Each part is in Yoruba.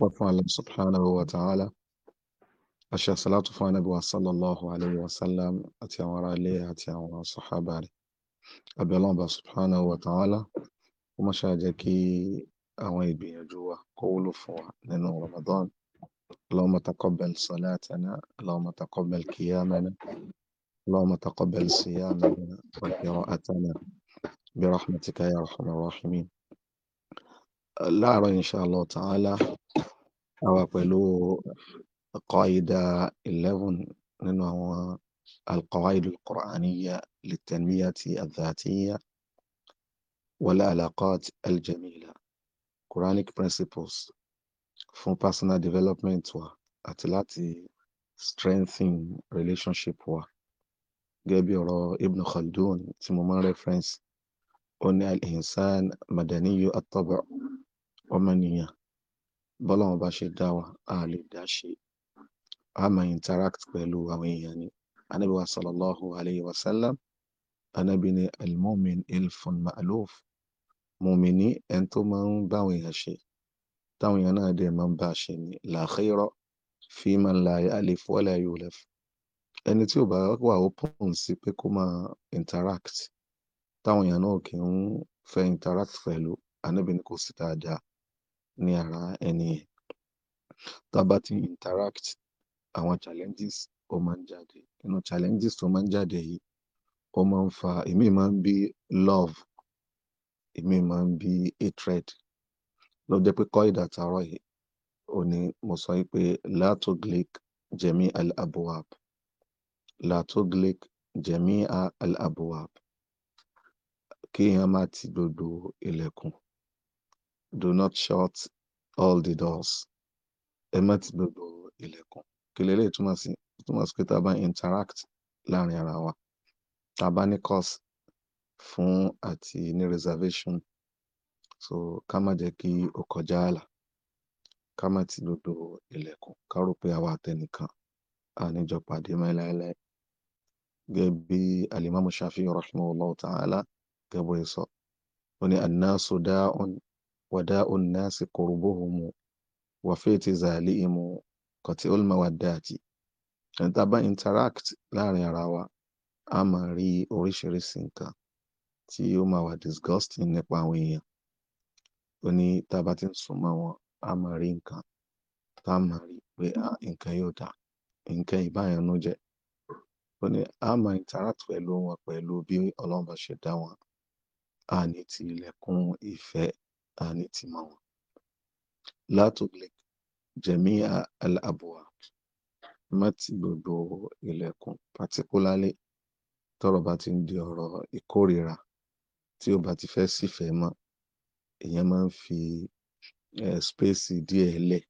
وفعلا سبحانه وتعالى أشياء صلاة فانا صلى الله عليه وسلم أتي وراء لي أتي وراء صحابة أبي الله سبحانه وتعالى وما شاء جاكي أوي بي ìgbìyànjú wa فوا wúlò رمضان اللهم تقبل صلاتنا اللهم تقبل قيامنا اللهم تقبل صيامنا وقراءتنا برحمتك يا أرحم الراحمين láàárọ̀ inshallah ta'ala àwa pẹ̀lú qaida eleven nínú àwọn alqawaid alqur'aniyya litanmiyati adhatiyya wal alaqat aljamila quranic principles fún personal development wa àti láti strengthen relationship wa gẹ́gẹ́ ọ̀rọ̀ ibn khaldun tí mo máa ń reference ó ní al-insan madaniyu at ọmọnìyàn bọ́lọ́run bá ṣe dá wa a lè dá ṣe a máa interact pẹ̀lú àwọn èèyàn ni anábì wa sallallahu alayhi wa sallam anábì ni almumin ilfun maaluf. mumini ẹni tó máa ń báwọn èèyàn ṣe táwọn èèyàn náà dẹ̀ máa ń bá ṣe ni la khayra fi man la ya'lif wa la yulaf ẹni tí ò bá wà open sí pé kó máa interact táwọn èèyàn náà kì í fẹ́ interact pẹ̀lú anábì ni kò sí dáadáa ní ara ẹni yẹn. Tá bá ti interact, àwọn challenges ó máa ń jáde. Inú challenges tó máa ń jáde yìí, ó máa ń fa, ìmí máa ń bí love, ìmí máa ń bí hatred. Ló jẹ́ pé qaida tàárọ̀ yìí, òun ní mo sọ wípé la tughlaq jamia al-abwab. La tughlaq jamia al-abwab. Kí èèyàn máa ti gbogbo ilẹ̀kùn. Do not shut all the doors. Ẹ má ti gbogbo ilẹ̀kùn. Kí leléyìí túmọ̀ sí? túmọ̀ sí pé tá a bá interact láàrin ara wa, tá a bá ní course fún àti ní reservation, so ká má jẹ́ kí ó kọjá ààlà. Ká má ti gbogbo ilẹ̀kùn. Ká rò pé àwa àtẹnìkan a ní pàdé mọ́ Gẹ́gẹ́ bí Alimamu Shafi'i rahimahullahu ta'ala gẹ́gẹ́ bó ṣe sọ, ó ní annasu da'un وداء الناس قربهم وفي تزالهم قطع المودات ẹni tá a bá interact láàrin ara wa a máa rí oríṣiríṣi nǹkan tí ó máa wà disgusting nípa àwọn èèyàn ó ní tá a bá ti ń súnmọ́ wọn a máa rí nǹkan tá a máa rí pé nǹkan yóò dáa nǹkan ìbáyanú jẹ́ ó ní a máa interact pẹ̀lú wọn pẹ̀lú bí Ọlọ́run bá ṣe dá wọn a ní ti ilẹ̀kùn ìfẹ́ نتموا لا تغلق جميع الأبواب má ti gbogbo ilẹ̀kùn particularly tọ́rọ̀ bá ti ń di ọ̀rọ̀ ìkórìíra tí ó bá ti fẹ́ sífẹ̀ẹ́ mọ́ èèyàn máa ń fi spéèsì díẹ̀ lẹ̀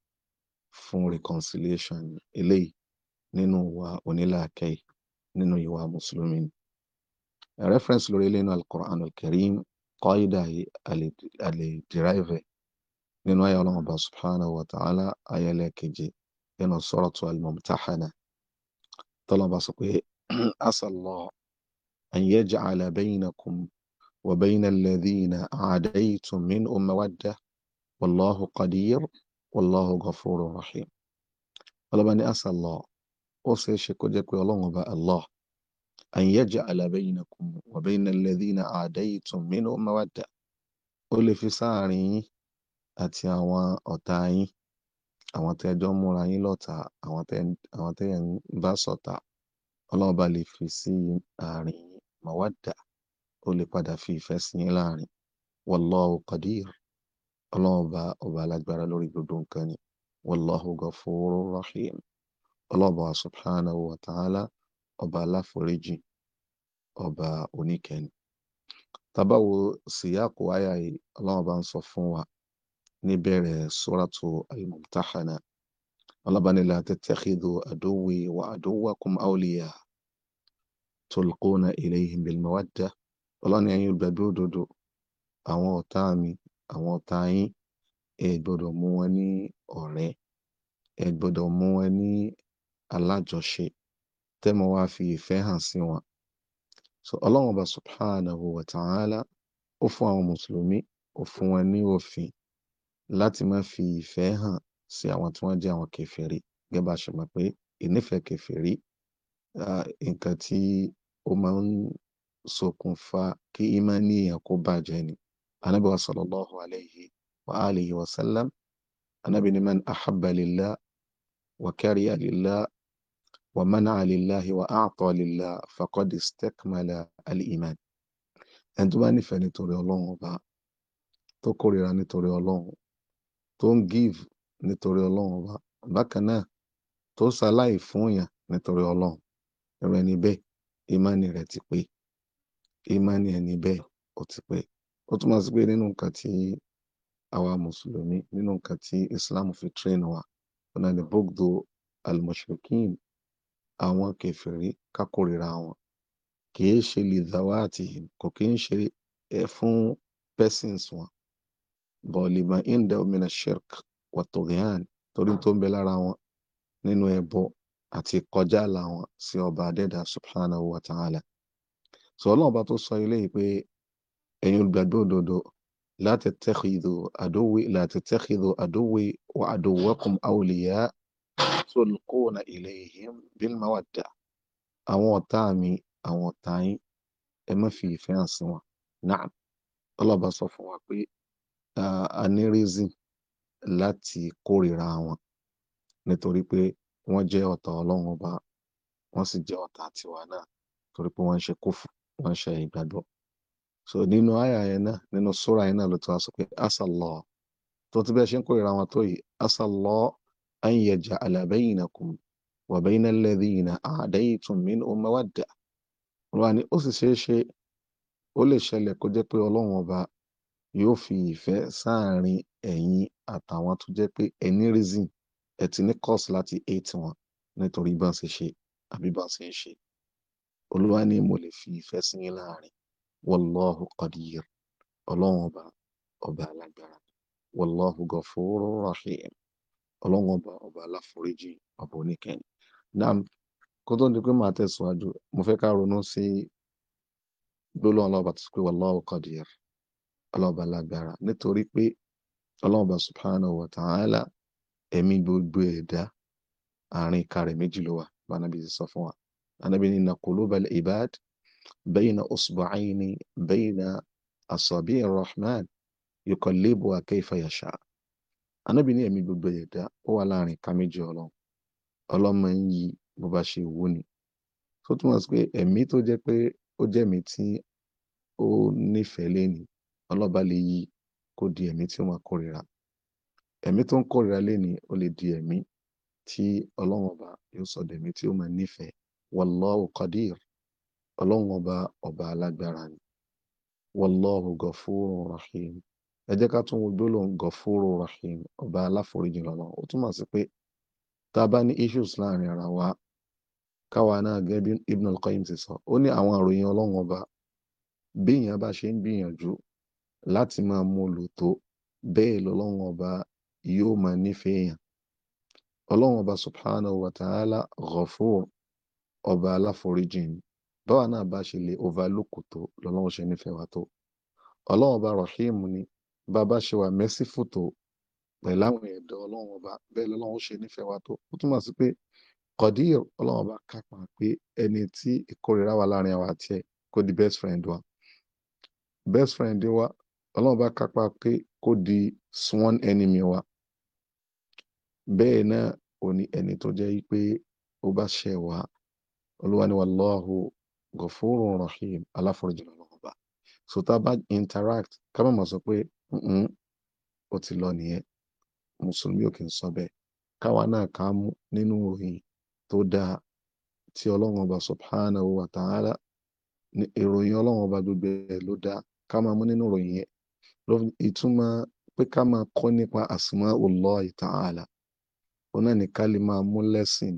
fún reconciliation eléyìí nínú ìwà onílàákẹ́yì nínú ìwà mùsùlùmí ni reference lórí eléyìí nínú al-Qur'an al-Karim kọ́ídà yìí a lè dìráìvẹ̀ nínú ayé ọlọ́run ọba subhanahu wa ta'ala ayẹlẹ́ keje nínú suratu al-mumtahana tọ́lọ́run bá sọ pé asallahu an yaj'ala bainakum wa bayna alladhina aadaytum minhum mawaddah wallahu qadir wallahu ghafurur rahim ọlọ́ba ní asallahu ó ṣeé ṣe kó jẹ́ pé ọlọ́run ọba allah أن يجعل بينكم وبين الذين alladhina adaytum مودة. mawadda ó lè fi sáàrin yín àti àwọn ọ̀tá yín àwọn tẹ́ jọ múra yín lọ́tá àwọn tẹ́ àwọn tẹ́ ń bá ṣọ̀tá Ọlọ́run bá lè fi sí àárín yín ó lè padà fi ìfẹ́ sí yín láàrin wallahu qadir Ọlọ́run ọba alágbára lórí gbogbo nǹkan ni wallahu ghafurur rahim Ọlọ́run subhanahu wa ta'ala ọba aláforíjì ọba oníkẹni tabawo síyáàkó àyà yìí ọlọ́run bá ń sọ fún wa níbẹ̀rẹ̀ suratu al-mumtahana ọlọ́bàáni la tattakhidhu aduwwi wa aduwwakum awliya tulquna ilayhim bilmawadda ọlọ́ni ẹ̀yin olùgbàgbé òdodo àwọn ọ̀tá mi àwọn ọ̀tá yín ẹ gbọ́dọ̀ mú wọn ní ọ̀rẹ́ ẹ gbọ́dọ̀ mú wọn ní alájọṣe tẹ́mọ wá fi ìfẹ́ hàn sí wọn so ọlọ́run ọba subhanahu wa ta'ala ó fún àwọn mùsùlùmí ó fún wọn ní òfin láti má fi ìfẹ́ hàn sí àwọn tí wọ́n jẹ́ àwọn kèfèrí gẹ́gẹ́ bá ṣe mọ̀ pé ìnífẹ̀ẹ́ kèfèrí nǹkan tí ó máa ń ṣokùnfà kí ìmánì èèyàn kó bàjẹ́ ni anabi wa sallallahu alayhi wa alihi wa sallam anabi ni man ahabba lillah wa kariya lillah ومنع لله وأعطى لله فقد استكمل الإيمان ẹni tó bá nífẹ̀ẹ́ nítorí ọlọ́run ọba tó kórìíra nítorí ọlọ́run tó ń give ọba bákan náà tó ṣaláì fún yàn nítorí ọlọ́run ẹ̀rọ ẹni bẹ́ẹ̀ ìmánì rẹ̀ ti pé ìmánì ẹni bẹ́ẹ̀ Islam fi train àwọn kèfèrí ká kórìíra wọn kìí ṣe lizawatihim kò kìí ṣe ẹ fún persons wọn bọ̀ lima inda omina shirk watogihan torí tó ń bẹ lára wọn nínú ẹbọ àti kọjá àlà wọn sí ọba adẹ́dà subhanahu wa ta'ala sọ ọlọ́run bá tó sọ eléyìí pé ẹ̀yin olùgbàgbọ́ òdodo la tattakhidhu àdówé la tattakhidhu àdówé wa àdówẹ́kùn awliya tulquna ilayhim bil mawadda àwọn ọ̀tá mi àwọn ọ̀tá yín ẹ má fi ìfẹ́ hàn sí wọn náà ọlọ́ba sọ fún wa pé a ní reason láti kórìíra wọn nítorí pé wọ́n jẹ́ ọ̀tá ọlọ́run ọba wọ́n sì jẹ́ ọ̀tá tiwa náà torí pé wọ́n ń ṣe kófù wọ́n ń ṣe so nínú àyà yẹn náà nínú sóra yẹn náà ló ti wá sọ pé asàlọ́ tó ti bẹ́ẹ̀ ṣe ń kórìíra wọn tó yìí أن يجعل بينكم وبين الذين عاديتم منهم مودة wọ́n ní ó sì ṣeé ṣe ó lè ṣẹlẹ̀ kó jẹ́ pé ọlọ́run ọba yóò fi ìfẹ́ sáàárín ẹ̀yin àtàwọn tó jẹ́ pé ẹni reason ẹ ti ní cause láti hate wọn nítorí bá ṣe ṣe àbí bá ṣe ń ṣe olúwa ni mo lè fi ìfẹ́ sí yín wallahu qadir ọlọ́run ọba ọba alágbára wallahu ghafurur rahim ọlọ́run ọba ọba aláforíjì ọba oníkẹyìn náà kó tó di pé màá tẹ̀síwájú mo fẹ́ ká ronú sí gbólóhùn ọlọ́ọ̀bà tó pé wallahu qadir ọlọ́ọ̀bà lágbára nítorí pé ọlọ́ọ̀bà subhanahu wa ta'ala ẹ̀mí gbogbo ẹ̀dá àárín kárẹ̀ méjì ló wà bánabi sọ fún wa bánabi ní inna qulubal ibad bayna usbu'ayni bayna asabi' ar-rahman yuqallibuha kayfa yasha' anábì ní ẹ̀mí gbogbo ẹ̀dá ó wà láàrin ká méjì ọlọ́run ọlọ́mọ ń yí bó bá ṣe wù ni tó túmọ̀ sí pé ẹ̀mí tó jẹ́ pé ó jẹ́ ẹ̀mí tí ó nífẹ̀ẹ́ léni ọlọ́ba lè yí kó di ẹ̀mí tí ó máa kórìíra ẹ̀mí tó ń kórìíra léni ó lè di ẹ̀mí tí ọlọ́run ọba yóò sọ dẹ̀mí tí ó máa nífẹ̀ẹ́ wallahu qadir ọlọ́run ọba ọba alágbára ni wallahu ghafurur rahim ẹ jẹ́ ká tún wo gbólóhùn gọ̀fóró rahim ọba aláforíjì lọ́nà ó túmọ̀ sí pé tá a bá ní issues láàrin ara wa káwa náà gẹ́gẹ́ bí Ibn al-Qayyim ti sọ ó ní àwọn àròyìn ọlọ́run ọba bí èèyàn bá ṣe ń gbìyànjú láti máa mú lò tó bẹ́ẹ̀ lọ́lọ́run ọba yóò máa nífẹ̀ẹ́ èèyàn ọlọ́run ọba subhanahu wa ta'ala gọ̀fóró ọba aláforíjì ni báwa náà bá ṣe lè overlook tó lọ́lọ́run ṣe nífẹ̀ẹ́ wa tó ọlọ́run ọba rahim ni bàbá ṣe wà mẹ́sífù tó pẹ̀lú àwọn ẹ̀dọ́ ọlọ́run ọba bẹ́ẹ̀ lọ́lọ́run ṣe nífẹ̀ẹ́ wa tó ó túmọ̀ sí pé kọ̀díyọ̀ ọlọ́run ọba kápá pé ẹni tí ìkórira wà láàrin àwa àti ẹ̀ kó di best friend wa best friend wa ọlọ́run ọba kápá pé kó di sworn enemy wa bẹ́ẹ̀ náà ò ní ẹni tó jẹ́ pé ó bá ṣẹ̀ wá olúwa ni wallahu rahim aláforíjì ọlọ́run ọba so tá a bá interact ká má mọ̀ sọ pé ó ti lọ nìyẹn mùsùlùmí ò kì í sọ bẹ́ẹ̀ káwa náà ká mú nínú tó dáa tí ọlọ́run ọba owó wa ta'ala ìròyìn ọlọ́run ọba gbogbo ẹ̀ ló dáa ká máa mú nínú ìròyìn yẹn ìtumọ̀ pé ká máa kọ́ nípa asma'ullahi ta'ala òun náà ní ká lè máa mú lẹ́sìn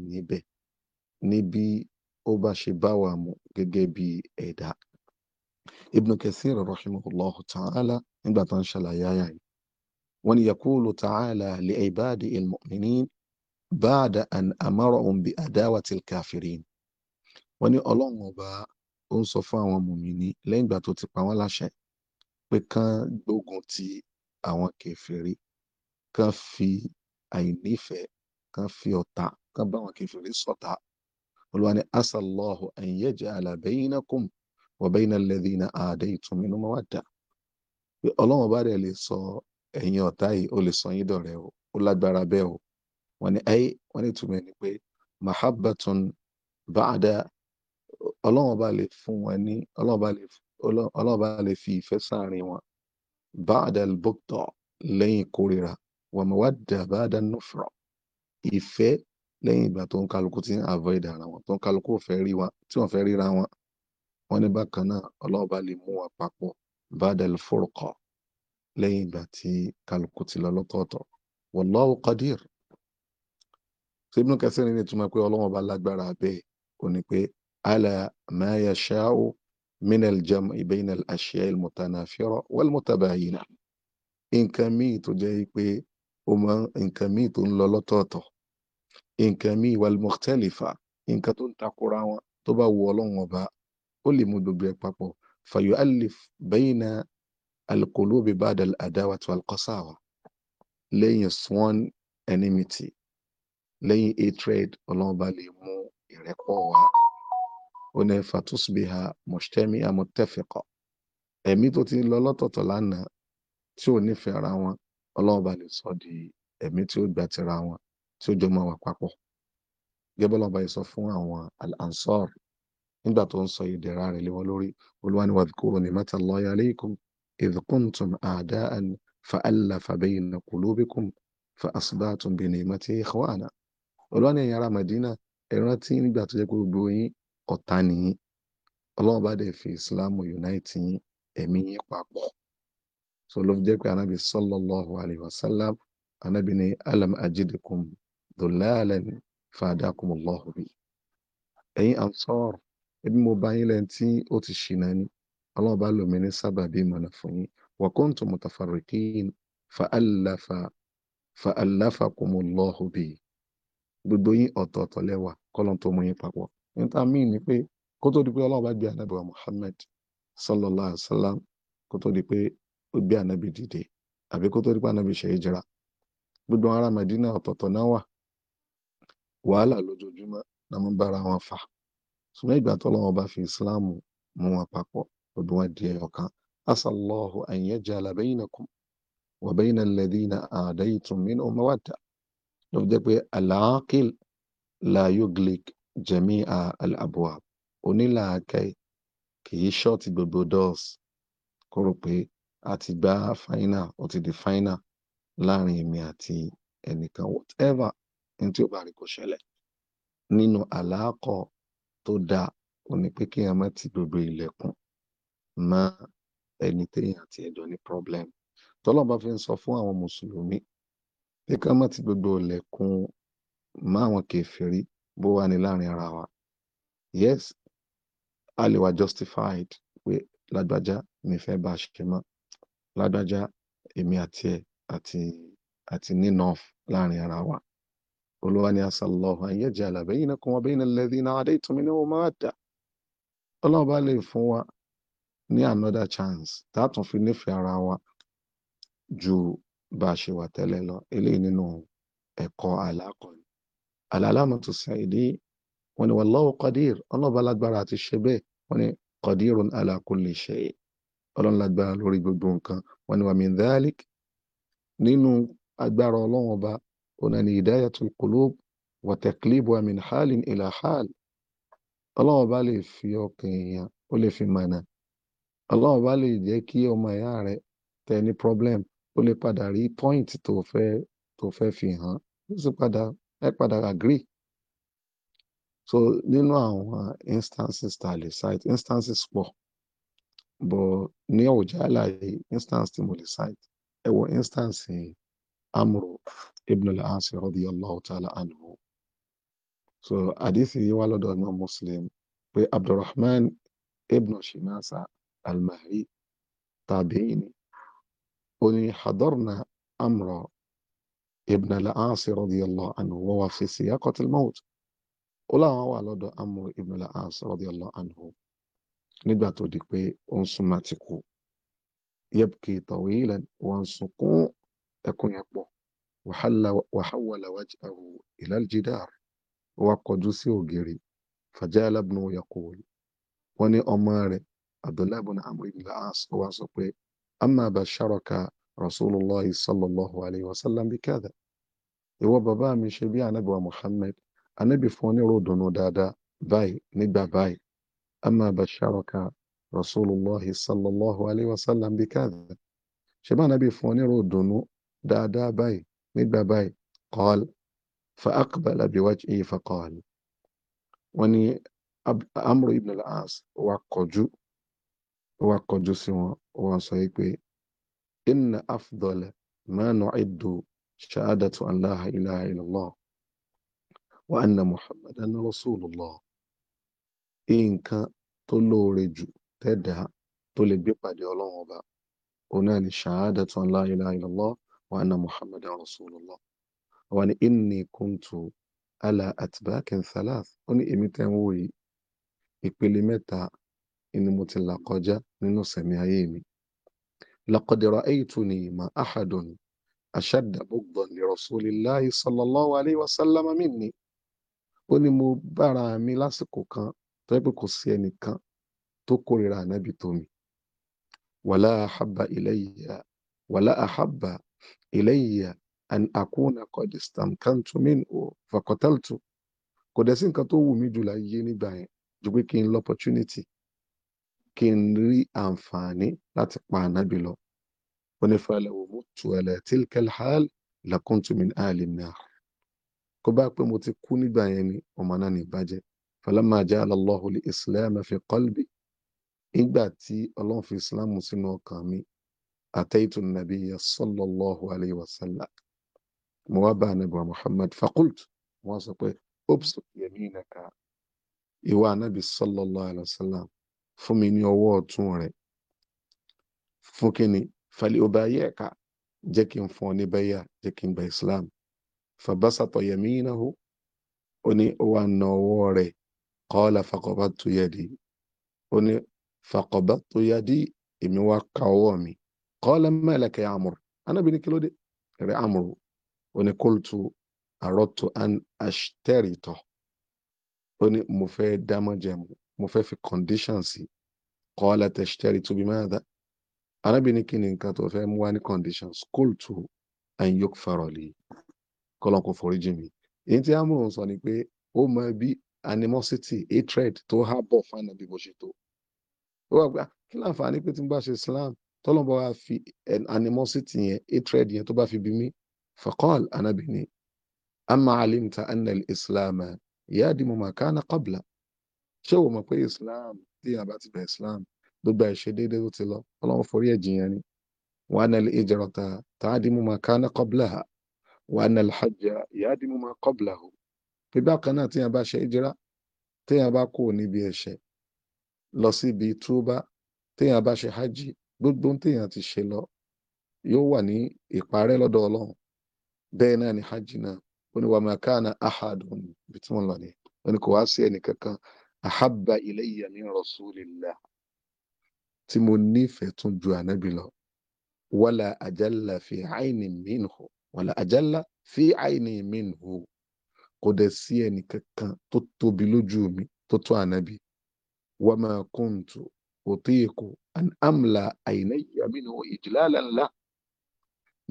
ibn kathir rahimahullah ta'ala nígbà tó ń ṣàlàyé àyà yìí wọ́n ní yakulu ta'ala li ibadi ilmọ̀mìnín báàdà an amarahum bi adawati kafirin wọ́n ní ọlọ́run ọba ó ń sọ fún àwọn mùmíní lẹ́yìn ìgbà tó ti pa wọ́n láṣẹ pé kán gbógun ti àwọn kèfèrí kán fi àìnífẹ̀ẹ́ kán fi ọ̀tá kán bá àwọn kèfèrí ṣọ̀tá olúwa ni asallahu an yaj'ala bainakum wọ̀bẹ́yìn alẹ́dínà àdé ìtúnmínú máa wà dà pé ọlọ́run bá rẹ̀ lè sọ ẹ̀yin ọ̀tá yìí ó lè sọ yín dọ̀rẹ́ o ó lágbára bẹ́ẹ̀ o wọ́n ní ayé wọ́n ní túmọ̀ ẹni pé mahabbatun ba'da ọlọ́run bá lè fún wọn ní ọlọ́run bá lè fi ìfẹ́ sáàrin wọn ba'da al lẹ́yìn ìkórira wa mawadda ba'da nufra ìfẹ́ lẹ́yìn ìgbà tó ń kálukú ti ń avoid ara wọn tó ń kálukú ò fẹ́ rí wọn tí wọ́n fẹ́ ríra wọn wọ́n ní bákan náà ọlọ́ọ̀bá lè mú wa papọ̀ badal furqa lẹ́yìn ìgbà tí kálukú ti lọ lọ́tọ̀ọ̀tọ̀ wallahu qadir Ibn Kathir ní ìtumọ̀ pé ọlọ́wọ́n bá lágbára bẹ́ẹ̀ kò ní pé ala ma yasha'u min al-jam'i bayna al-ashya'i al nǹkan míì tó jẹ́ pé ó mọ nǹkan míì tó ń lọ lọ́tọ̀ọ̀tọ̀ nǹkan míì wal nǹkan tó ń takora wọn tó bá wù ọlọ́wọ́n ọba ó lè mú gbogbo ẹ̀ papọ̀ fàyọ alif bayna alqulubi ba'da al-adawati wal-qasawa lẹ́yìn sworn enmity lẹ́yìn hatred ọlọ́run bá lè mú ìrẹ́pọ̀ wá ó ní fatusbiha mujtami'a muttafiqa ẹ̀mí tó ti lọ lọ́tọ̀ọ̀tọ̀ lánàá tí ò nífẹ̀ẹ́ ara wọn ọlọ́run lè sọ di ẹ̀mí tí ó gbà tira wọn tí ó jọ wà papọ̀ gẹ́gẹ́ bọ́lá ọba yìí sọ fún àwọn al nígbà tó ń sọ ìdẹ̀ra rẹ̀ lé wọn lórí olúwa ni wadhkuru ni'mata Allahi alaykum idh kuntum a'da'an fa'alafa bayna qulubikum fa asbahtum bi ni'mati ikhwana olúwa ni ẹ̀yin ará Madina ẹ rántí nígbà tó jẹ́ pé gbogbo yín ọ̀tá nìyí ọlọ́run bá dẹ̀ fi ìsìláàmù unite yín ẹ̀mí yín papọ̀ so ló fi jẹ́ pé anabi sallallahu alayhi wa sallam anabi ni ẹbí mo bá yín lẹ́yìn tí ó ti ṣìnà ni ọlọ́run bá lòmí ní sábàbí ìmọ̀nà fún yín wa kuntum mutafarriqin fa'allafa fa'allafakumullahu bi gbogbo yín ọ̀tọ̀ọ̀tọ̀ lẹ́wà kọ́lọ́n tó mú yín papọ̀ níta míì ni pé kó tó di pé ọlọ́run bá gbé ànábì wa Muhammad sallallahu alaihi wasallam kó tó di pé ó gbé ànábì dìde àbí kó tó di pé ànábì ṣe hijira gbogbo ará Madina ọ̀tọ̀ọ̀tọ̀ náà wà wàhálà lójoojúmọ́ náà ń bára wọn fà ṣùgbọ́n ìgbà tó lọ́wọ́ bá fi islam mú wọn papọ̀ gbogbo wọn di ẹyọ kan asallahu an yajala bainakum wa baina alladhina adaytum minhum mawadda ló fi jẹ́ pé alaakil la yuglik jami'a al-abwab onílàákàyè kì í ṣọ́ọ̀tì gbogbo doors kó rò pé a ti gba final ó ti di final láàrin èmi àti ẹnìkan whatever ní tí ó bá rí kó ṣẹlẹ̀ nínú àlàkọ tó dáa ò ní pé kéèyàn má ti gbogbo ilẹ̀kùn mọ́ ẹni téèyàn àti ẹ̀jọ́ ní problem tọ́lọ́ bá fi ń sọ fún àwọn mùsùlùmí pé ká má ti gbogbo ilẹ̀kùn mọ́ àwọn kèfèrí bó wà ní láàrin ara wa yes a lè wà justified pé lágbájá mi fẹ́ bá a ṣe mọ́ lágbájá èmi àti ẹ̀ àti àti nínú láàrin ara wa olúwa ni asàlọ́hùn ayé jẹ́ àlàbẹ́ yìí kún wọn bẹ́yìn lẹ́dí iná adé ìtumí ni wọ́n máa dà ọlọ́run bá lè fún wa ní another chance tààtùn fi nífẹ̀ẹ́ ara wa ju bá a ṣe wà tẹ́lẹ̀ lọ eléyìí nínú ẹ̀kọ́ àlàkọ́ni alàlámọ̀tò sàìdí wọn ni wallahu qadir ọlọ́run bá lágbára àti ṣe bẹ́ẹ̀ wọn ni qadirun ala kulli shay ọlọ́run lágbára lórí gbogbo nǹkan wọn ni wa min nínú agbára ọlọ́run ọba òun náà القلوب وتقليبها من حال إلى حال. الله ila hal ọlọ́run bá lè fi ọkàn èèyàn ó lè fi mànà ọlọ́run problem ó lè padà point tó fẹ́ tó fẹ́ fi hàn ó sì agree so nínú àwọn instances tá site instances pọ̀ bọ̀ نيو جالا instances instance tí mo lè cite ẹ amru ibn al-as radiyallahu ta'ala anhu so àdìsí yìí wá lọ́dọ̀ imam muslim pé abdulrahman ibn shimasa al-mahri tabi'ini ó ní hadarna amra ibn al-as radiyallahu anhu wa wa fi siyaqati al-maut ó láwọn wà lọ́dọ̀ amru ibn al-as radiyallahu anhu nígbà tó di pé ó ń súnmọ́ àtìkù yabki tawilan wa ń sunkún ẹkún yẹn pọ̀ wàhálà wajhahu ila al-jidar ó wá kọjú sí ògiri fajala ibnuhu yaqul wọn ní ọmọ rẹ̀ abdullahi ibn amr ibn al-as ó wá sọ pé amma basharaka rasulullah sallallahu alayhi wa sallam bi kadha ìwọ bàbá mi ṣe bí anabi wa muhammad anabi fún ọ ní ròdùnú dáadáa báyìí nígbà báyìí amma basharaka rasulullah sallallahu alayhi wa sallam bi kadha ṣe bá anabi fún ní ròdùnú dáadáa báyìí nígbà báyìí qal fa aqbala biwajhihi fa qal wọ́n ní amru ibn al-as wà kọjú wà kọjú sí wọn wọ́n sọ pé inna afdala ma nu'iddu shahadatu an la ilaha illallah wa anna muhammadan rasulullah nǹkan tó lóore jù tẹ́dàá tó lè gbé pàdé ọlọ́run ọba òun náà ni shahadatu an ilaha illallah وأن محمد رسول الله وأن إني كنت على أتباع ثلاث أني إمتنوي إقبل متى إن متلقجا من سمعيمي لقد رأيتني ما أحد أشد بغضا لرسول الله صلى الله عليه وسلم مني أني مبارا ملاسكو كان تبقى سيني كان تقرر نبي تومي ولا أحب إلي ولا أحب ilayya an akuna qad istamkantu minhu faqataltu kò dẹ̀ sí nǹkan tó wù mí jù láyé nígbà yẹn ju pé kí n lọ opportunity kí n rí àǹfààní láti pa ànábì lọ ó ní falaw mutu ala tilka alhal lakuntu min ahli an-nar kó bá pé mo ti kú nígbà yẹn ni ọmọ náà ní ìbàjẹ́ falamma ja'ala Allahu al-islama fi qalbi nígbà tí ọlọ́run fi islam sínú ọkàn mi أتيت النبي صلى الله عليه وسلم موابع نبوة محمد فقلت واصبه أبسط يمينك إيوا نبي صلى الله عليه وسلم فمن يواتون فكني فلأبايعك جكن فوني بيا جكن بإسلام فبسط يمينه أني أوان قال فقبضت يدي أني فقبضت يدي إمي وكاومي قال ما لك يا عمرو أنا بني كيلو دي ري عمرو وني قلت أردت أن أشترط وني مفي داما جامو مفي في كونديشنسي قال تشترط بماذا أنا بني كيني كاتو في مواني كونديشنس قلت أن يكفر لي kọlọ́n kò foríjì mi èyí tí amúrò ń sọ ni pé ó animosity hatred tó há bọ̀ fún ànábì bó ṣe tó ó wà pé kí láǹfààní tọ́lọ́n bá wa fi animosity yẹn hatred yẹn tó bá fi bí mi faqal anabi ni amma alimta anna islam yadimu ma kana qabla ṣé o mọ̀ pé islam tí a bá ti bẹ̀ islam gbogbo ẹ̀ṣẹ̀ déédéé tó ti lọ ọlọ́run forí ẹ̀jìn yẹn ni wa anna al-ijrata ta'dimu ma kana qablaha wa anna al-hajja yadimu ma qablahu pé bákan náà tí a bá ṣe ìjìrá tí a bá kú níbi ẹ̀ṣẹ̀ lọ síbi túbá tí a bá ṣe hajj gbogbo téèyàn ti ṣe lọ yóò wà ní ìparẹ́ lọ́dọ̀ ọlọ́run bẹ́ẹ̀ náà ni hajj náà ó ní wàá makana ahadun ibi tí wọ́n lọ ni ó ní kò wá sí ẹnì kankan ahabba ilayya min rasulillah tí mo nífẹ̀ẹ́ tún ju ànábì lọ wala ajalla fi aini minhu wala ajalla fi aini minhu kò dẹ̀ sí ẹnì kankan tó tóbi lójú mi tó tó ànábì wàá ma òtíkù amla àìnáyà mínú ìjìláàlà ńlá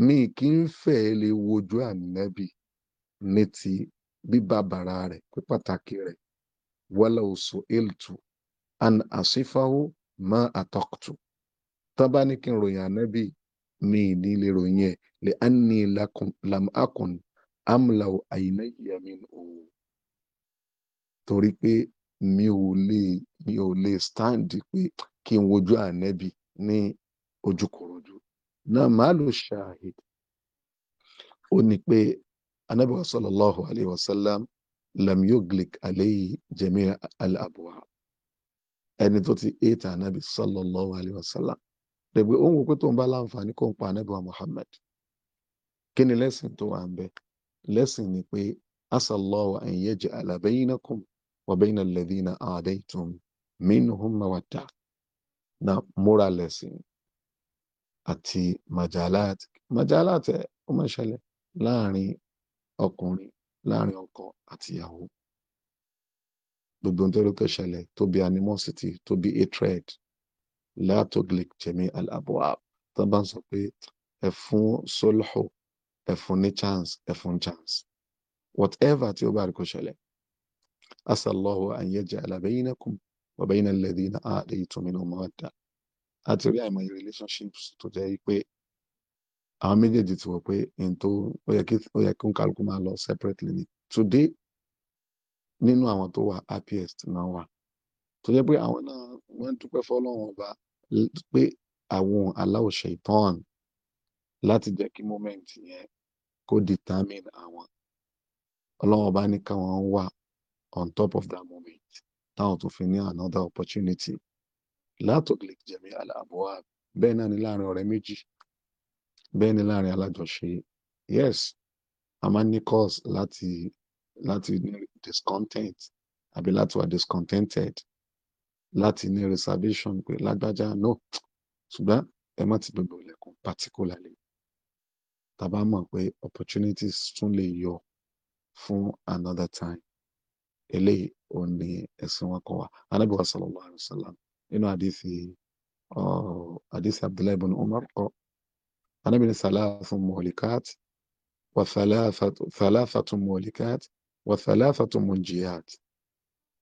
mi kì í fẹ́ lè wojú ànábì ní ti bíbàbàrà rẹ̀ pé pàtàkì rẹ̀ wọ́lá oṣù èlùtù an àṣífáwó má àtọ́kùtù tán bá ní kí n ròyìn ànábì mi ní lè ròyìn ẹ̀ lè á ní lamakun amla àìnáyà mínú torí pé mi ò lè mi ò lè stand pé kí n wojú ànẹ́bì ní ojúkòròjú náà máa lò ṣàhìd ó ní pé ànẹ́bì sallallahu alayhi wa sallam lam yuglik alayhi jami al-abwa ẹni tó ti éètà ànẹ́bì sallallahu alayhi wa sallam dẹ̀gbẹ́ ó ń wo pé tó ń bá láǹfààní kó ń pa ànẹ́bì wa Muhammad kí ni lẹ́sìn tó wà ń bẹ lẹ́sìn ni pé asallahu an yaj'ala baynakum وبين الذين عاديتم منهم مودة na moral lesson àti majalat majalat ẹ ó máa ṣẹlẹ̀ láàrin ọkùnrin láàrin ọkọ àti ìyàwó gbogbo ohun tó lókè ṣẹlẹ̀ tó bí animosity tó bí hatred látọglik jẹmí alabuab tó bá ń sọ pé ẹ fún solho ẹ fún ní chance ẹ fún chance whatever tí ó bá rí kó ṣẹlẹ̀ أسأل الله أن يجعل بينكم وبين الذين آتيتم منهم مودة àti rí àìmọye relationships tó jẹ́ àwọn méjèèjì ti wọ̀ pé n ó yẹ kí ó kálukú máa lọ separately ni today nínú àwọn tó wà happiest náà wà tó jẹ́ pé àwọn náà wọ́n dúpẹ́ fọlọ́run ọba pé àwọn aláwọ̀ ṣẹ̀tàn láti jẹ́ kí moment yẹn kó determine àwọn ọlọ́run ọba ní káwọn wà on top of that moment now to finish another opportunity látòlè jẹ̀mí àlàbọ̀wá bẹ́ẹ̀ náà ni láàrin ọ̀rẹ́ méjì bẹ́ẹ̀ ni láàrin alájọṣe yes a máa ní cause láti láti ní discontent àbí láti wà discontented láti ní reservation pé lágbájá no ṣùgbọ́n ẹ má ti gbogbo ilẹ̀kùn particularly tàbá mọ̀ pé opportunities tún lè yọ fún another time eléyìí ò ní ẹ̀sìn wọn kọ wa anábì wa sallallahu alayhi wa sallam nínú àdìsí àdìsí abdullahi ibn umar kọ anábì ní sàlàfù mọ̀lìkát wà sàlàfàtù mọ̀lìkát wà sàlàfàtù mọ̀jìyàt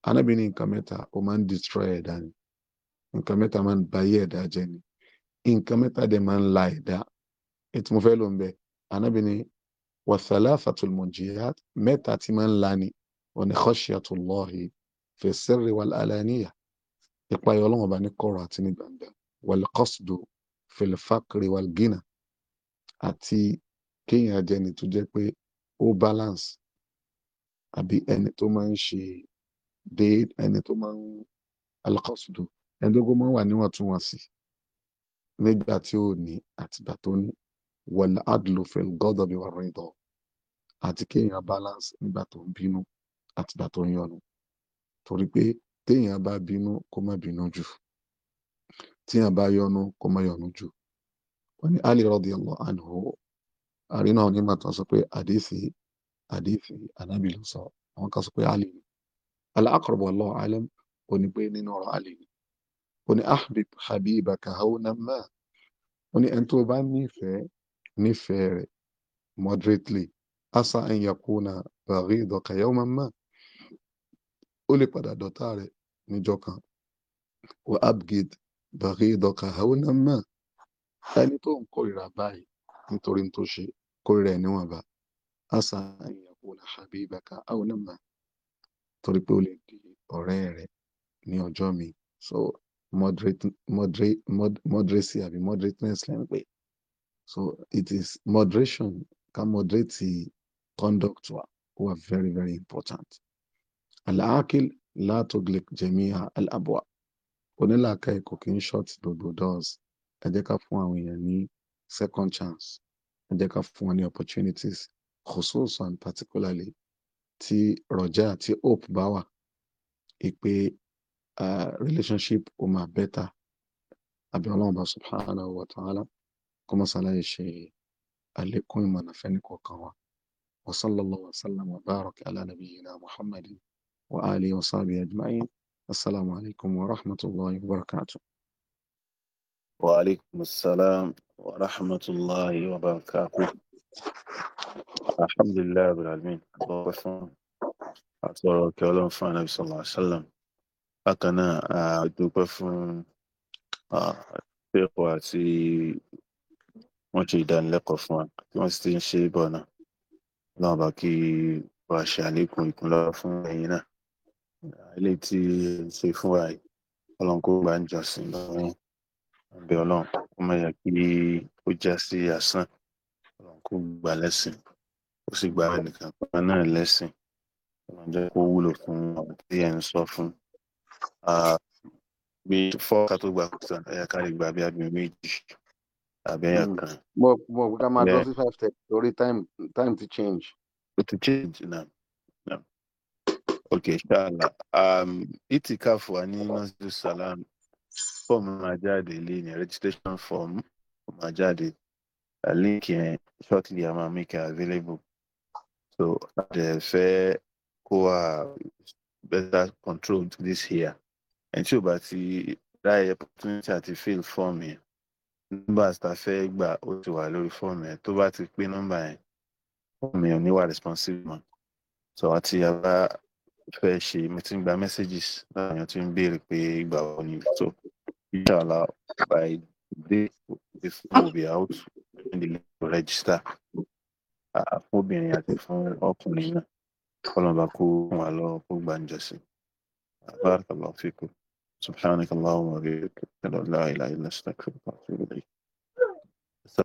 anábì ní nǹkan mẹ́ta ó máa ń destroy ẹ̀dá ni nǹkan mẹ́ta máa ń bayé ẹ̀dá jẹ́ ni nǹkan mẹ́ta dẹ̀ máa ń la ẹ̀dá ètò mo fẹ́ lò ń bẹ anábì ní wà sàlàfàtù mọ̀jìyàt mẹ́ta tí máa ń la ni òní khashiyatullahi fi sirri wal alaniya ìpayọ̀ ọlọ́run ọba ní kọ̀rọ̀ àti ní gbangba wal qasdu fil faqri wal gina àti kéèyàn jẹni tó jẹ́ pé ó balance àbí ẹni tó máa ń ṣe dé ẹni tó máa ń alqasdu ẹni tó máa ń wà níwọ̀ntúnwọ̀nsì nígbà tí ó ní àtìgbà tó ní wal adlu fil ghadabi war rida àti kéèyàn balance nígbà tó ń bínú àtìgbà tó ń yọnu torí pé téèyàn bá bínú kó má bínú jù téèyàn bá yọnu kó má yọnu jù wọn ní Ali radiyallahu anhu àrínà onímọ̀ tó sọ pé àdéhìí àdéhìí anábì ló sọ àwọn kan sọ pé Ali ni al-aqrab wallahu alam ó ní pé nínú ọ̀rọ̀ Ali ni ó ní ahbib habibaka hawnan ma ó ní ẹni tó bá nífẹ̀ẹ́ nífẹ̀ẹ́ rẹ̀ moderately asa an yakuna baghidaka yawman ma ó lè padà dọ̀tá rẹ̀ níjọ́ kan wà abgid bàrí ìdọ̀kà haúnà mọ́ ẹni tó ń kórìíra báyìí nítorí tó ṣe kórìíra ẹ̀ níwọ̀nba asa ìyàkúnà habibaka haúnà mọ́ torí pé ó lè di ọ̀rẹ́ rẹ̀ ní ọjọ́ mi so moderate moderate mod, moderacy àbí moderateness lẹ́ ń pè so it is moderation ká moderate conduct wa ó wà very very important aláàkìl látòglic jẹmíà alábọà onílàákà ikò kì í ṣọọtì gbogbo doors ẹ jẹ́ ká fún àwọn èèyàn ní second chance ẹ jẹ́ ká fún wọn ní opportunities khususan particularly tí rọjá àti hope bá wà ìpè relationship ó máa bẹ́tà àbí ọlọ́run bá subhanahu wa ta'ala kó má ṣàlàyé ṣe àlékún ìmọ̀nà fẹ́ni kọ̀ọ̀kan wa wa sallallahu wa sallam wa baraka ala nabiyyina muhammadin وآله وصحبه أجمعين السلام عليكم ورحمة الله وبركاته وعليكم السلام ورحمة الله وبركاته الحمد لله رب العالمين أتوقع كلام فان النبي صلى الله عليه وسلم أكنا أدوبة فان أتوقع تي ما شيء دان لقى فان كم استين شيء بنا لا باكي باش عليكم كلام لا فان هنا eléyìí tí ṣe fún wa yìí ọlọ́run kó gbà ń jọsìn lọ́wọ́ àbẹ ọlọ́run kó má yẹ kí ó já sí asán ọlọ́run kó gbà lẹ́sìn ó sì gba ẹnìkan kan náà lẹ́sìn ọlọ́run jẹ́ kó wúlò fún àwọn tí ẹ̀ ń sọ fún bí fọ́ọ̀ká tó gba kùtà ẹ̀yà kárí gba bí abìnrin méjì àbí ẹ̀yà hmm. kan. mo mo ká máa dọ́ five steps torí time time to change. ó ti change náà. Okay, inshallah. Um, Itikaf wa ní Masjid Salam, fọ́ọ̀mù majadi jáde registration form majadi. A Link yẹn shortly a máa make available. So, láti fẹ́ kó are better controlled this year. And ti but the ti opportunity àti fill form me. nọ́mbà tá a fẹ́ gbà ó ti wà lórí form Tó bá ti pín nọ́mbà yẹn, form yẹn ò ní wà responsive mọ́. So, àti yàrá. fẹ́ ṣe mo ti ń gba messages láwọn èèyàn ti ń béèrè pé ìgbà wo ni so inshallah by day this will be out in the register fún obìnrin àti fún ọkùnrin náà kọlọmọba kó wọn lọ kó gbà ń jọsìn barakallahu fikum subhanaka allahumma wa bihamdika la ilaha illa anta astaghfiruka wa atubu ilayk